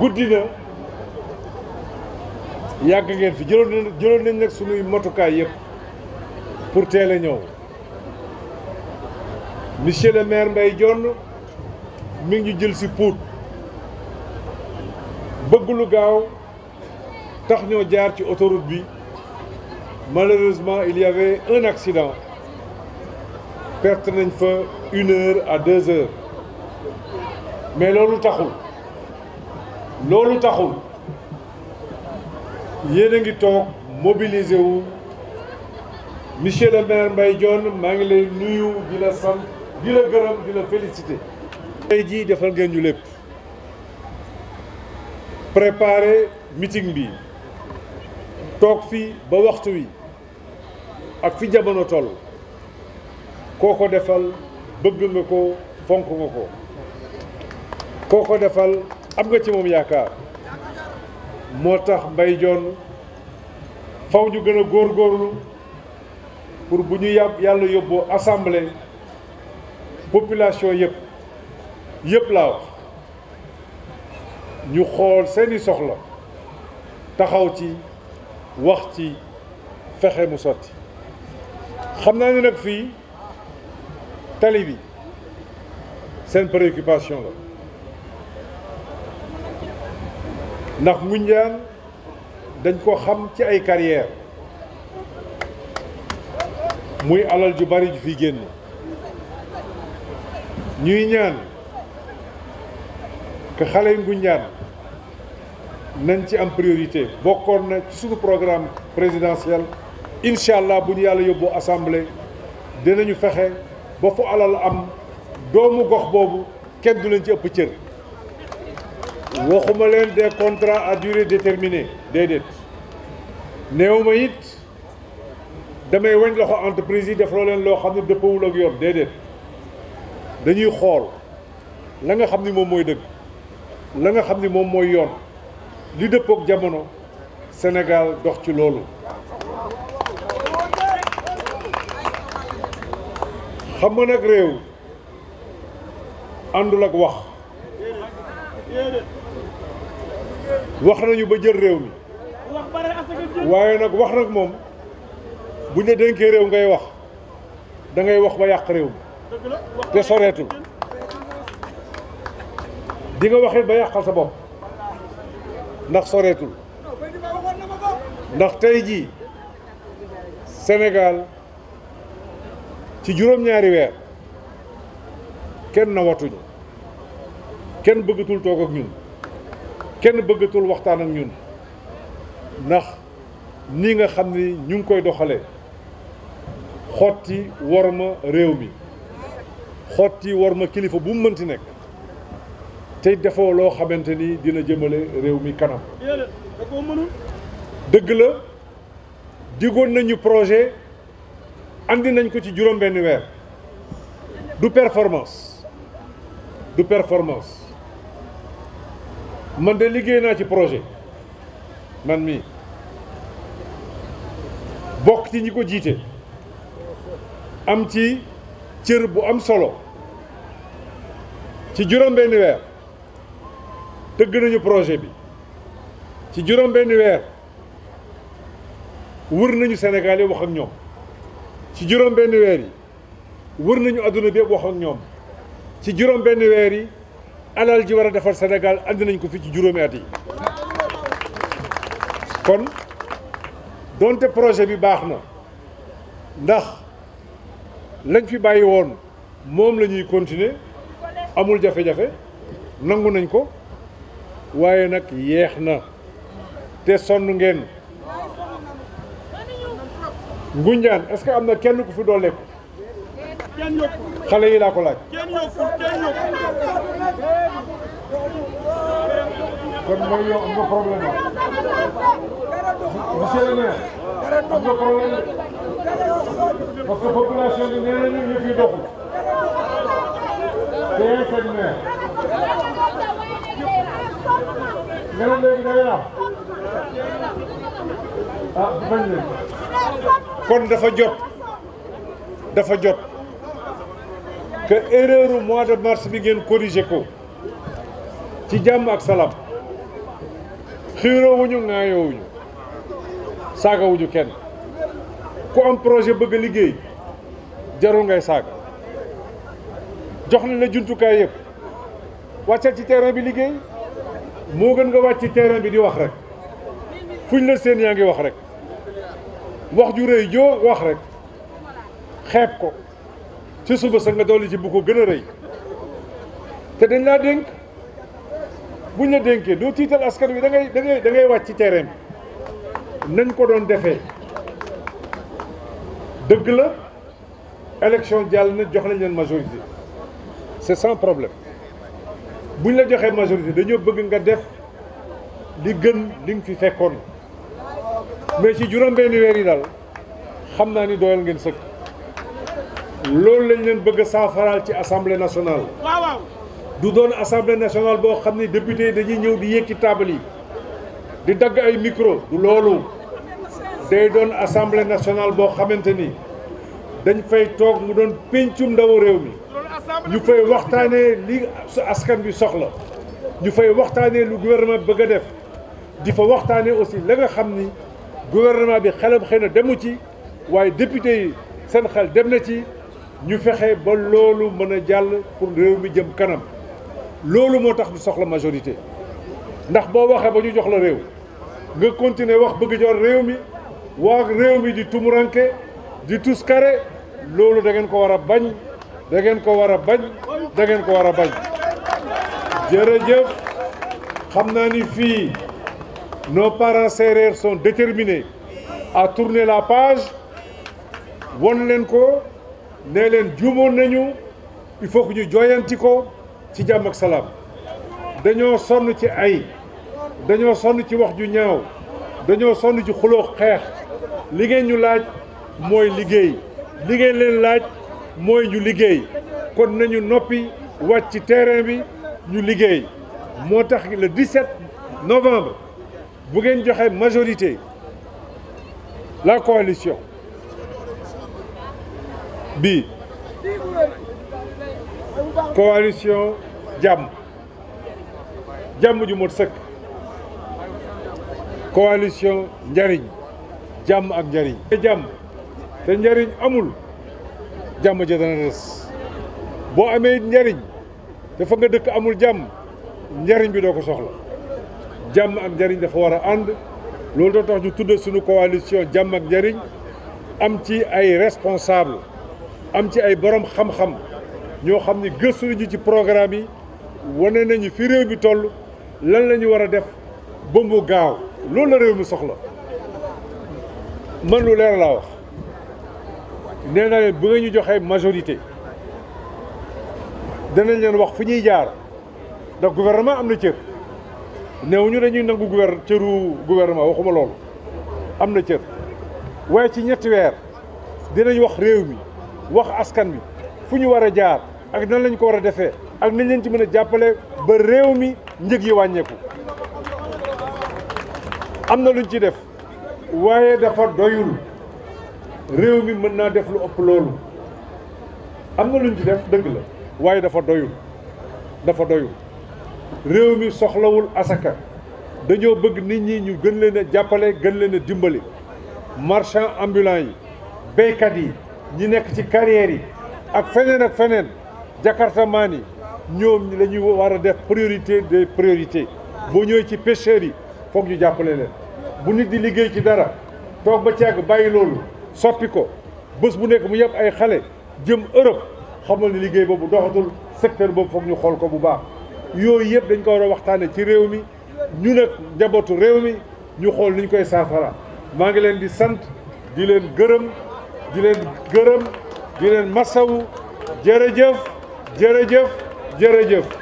guddi na yàgg ngeen fi jëloon jëloon nañ nag sunuy motukaay yëpp pour teel a ñëw monsieur le maire Mbaye Dione mi ngi jël si Pout bëgg gaaw tax ñoo jaar ci autoroute bi malheureusement il y avait un accident perte nañ fa une heure à deux heures mais loolu taxul. loolu taxul yéen a ngi toog mobilisé wu monsieur le maire maa ngi lay nuyu di la sant di la gërëm di la félicité tey jii defal ngeen ñu lépp préparé meeting bi toog fi ba waxtu wi ak fi jamono toll koo ko defal bëgg nga ko fonk nga ko koo ko defal am nga ci moom yaakaar moo tax mbay jonn faw ñu gën a góorgóorlu pour bu ñu yàb yàlla yóbboo assemblée population yëpp yëpp laa wax ñu xool seeni soxla taxaw ci wax ci fexe mu sotti xam naa ne nag fii tali bi seen préoccupation la ndax Ngoundiane dañ ko xam ci ay carrière muy alal ju bari ju fi génn ñuy ñaan que xale yu Ngoundiane nañ ci am priorité bokkoon na ci suñu programme présidentiel incha allah bu ñu yàlla yóbbu assemblée dinañu fexe ba fu alal am doomu gox boobu kenn du leen ci ëpp cër. waxuma leen des contrats à durée déterminée déedéet néewuma it damay weñ loxo entreprise yi def loo loo xam ne dëppawul ak yoon déedéet dañuy xool la nga xam ni moom mooy dëgg la nga xam ni moom mooy yoon li dëppook jamono Sénégal dox ci loolu xam nga nag réew àndul ak wax wax nañu ba jël réew mi waaye nag wax nag moom bu ñu dénkee réew ngay wax da ngay wax ba yàq réew mi te soreetul di nga waxit ba yàqal sa bopp ndax soreetul ndax tey jii senegal ci juróom-ñaari weer kenn nawatuñu kenn bëggatul toog ak ñun kenn bëggatul waxtaan ak ñun ndax nii nga xam ni ñu ngi koy doxalee xotti worma réew mi xotti ma kilifa bu mu mënti nekk tey defoo loo xamante ni dina jëmale réew mi kanam dëgg la digoon nañu projet andi nañ ko ci juróom benn weer du performance du performance man de liggéey naa ci projet man mii bokk ci ñi ko jiite am ci cër bu am solo ci juróom-benn weer tëgg nañu projet bi ci juróom-benn weer wër nañu Sénégal yi wax ak ñoom ci juróom-benn weer yi wër nañu adduna bi wax ak ñoom ci juróom-benn weer yi. alal ji war a defar Sénégal andi nañ ko fi ci juróomi at yi kon donte projet bi baax na ndax lañ fi bàyyi woon moom la ñuy continuer amul jafe-jafe nangu nañ ko waaye nag yeex na te sonn ngeen Ngoundiane est-ce que am na kenn ku fi dooleeku xale yi laa ko laaj. kon mooy yow nga problème que population bi nee nañu ah, kon dafa jot dafa jot que erreur mois de mars bi ngeen corrigé ko ci jàmm ak salaam xiiroowuñu ŋaayoowuñu saagawuñu kenn ku am projet bëgg liggéey jarul ngay saaga jox nañ la jumtukaay yëpp wàccal ci terrain bi liggéey moo gën nga wàcc ci terrain bi di wax rek fuñ la seen yaa ngi wax rek wax ju rëy joo wax rek xeeb ko ci suba sa nga dolli ci bu ko gën a rëy te dañ laa dénk buñ la dénkee doo tiital askan wi da ngay da ngay da wàcc ci terrain nañ ko doon defee dëgg la élection jàll na jox lañ leen majorité c'est sans problème buñ la joxee majorité dañoo bëgg nga def li gën li nga fi fekkoon mais ci juróom-benni weer yi daal xam naa ni doyal ngeen sëkk. loolu lañ leen bëgg a saafaraal ci assemblée nationale. waaw du doon assemblée nationale boo xam ne député yi dañuy ñëw di ci taabal yi di dagg ay micro du loolu day doon assemblée nationale boo xamante ni dañ fay toog mu doon péncum ndawu réew mi ñu fay waxtaanee li askan bi soxla ñu fay waxtaanee lu gouvernement bëgg a def di fa waxtaanee aussi la xam ni gouvernement bi xelam xëy na demu ci waaye député yi seen xel dem na ci ñu fexe ba loolu mën a jàll pour réew mi jëm kanam loolu moo tax ñu soxla majorité ndax boo waxee ba ñu jox la réew nga continuer wax bëgg jox réew mi waa réew mi di tumuranke di tuskare loolu da ngeen ko war a bañ da ngeen ko war a bañ da ngeen ko war a bañ jëf xam naa ni fii nos parents sérères sont déterminés à tourner la page won leen ko nee leen juumoon nañu il faut que ñu jooyanti ko ci jàmm ak salaam dañoo sonn ci ay dañoo sonn ci wax ju ñaaw dañoo sonn ci xuloo xeex li ñu laaj mooy liggéey li leen laaj mooy ñu liggéey kon nañu noppi wàcc ci terrain bi ñu liggéey moo tax le 17 novembre bu ngeen joxe majorité la coalition bii coalition jàmm jàmm ju mot sëkk coalition njariñ jàmm ak njariñ te jàmm te njariñ amul jàmm ja dana des boo amee njariñ dafa nga dëkk amul jàmm njariñ bi doo ko soxla jàmm ak njariñ dafa war a ànd loolu doo tox ñu tudd sunu coalition jàmm ak njariñ am ci ay responsable am ci ay borom xam-xam ñoo xam ni gëstu nañu ci programme yi wane nañu fi réew mi toll lan la war a def ba mu gaaw loolu la réew mi soxla man lu leer wax nee naa leen bu nga ñu joxee majorité danañ leen wax fu ñuy jaar ndax gouvernement am na cër néewuñu dañuy nangu gouver cëru gouvernement waxuma loolu am na cër waaye ci ñetti weer dinañ wax réew mi. wax askan wi fu ñu war a jaar ak nan lañ ko war a defee ak nañ leen ci mën a jàppale ba réew mi njëg yi wàññeeku am na luñ ci def waaye dafa doyul réew mi mën naa def lu ëpp loolu am na luñ ci def dëgg la waaye dafa doyul dafa doyul réew mi soxlawul asaka dañoo bëgg nit ñi ñu gën leen jàppale gën leen dimbali marchand ambulant yi béykat yi ñi nekk ci carrière yi ak feneen ak feneen jakartamaan yi ñoom la ñu war a def priorité des priorités boo ñëwee ci pêcheurs yi foog ñu jàppale leen bu nit di liggéey ci dara toog ba ceeg bàyyi loolu soppi ko bés bu nekk mu yëpp ay xale jëm Europe xamal ne liggéey boobu doxatul secteur boobu foog ñu xool ko bu baax yooyu yëpp dañ ko war a waxtaane ci réew mi ñu nag njabootu réew mi ñu xool niñ koy saafara maa ngi leen di sant di leen gërëm di leen gërëm di leen masawu jërëjëf jërëjëf jërëjëf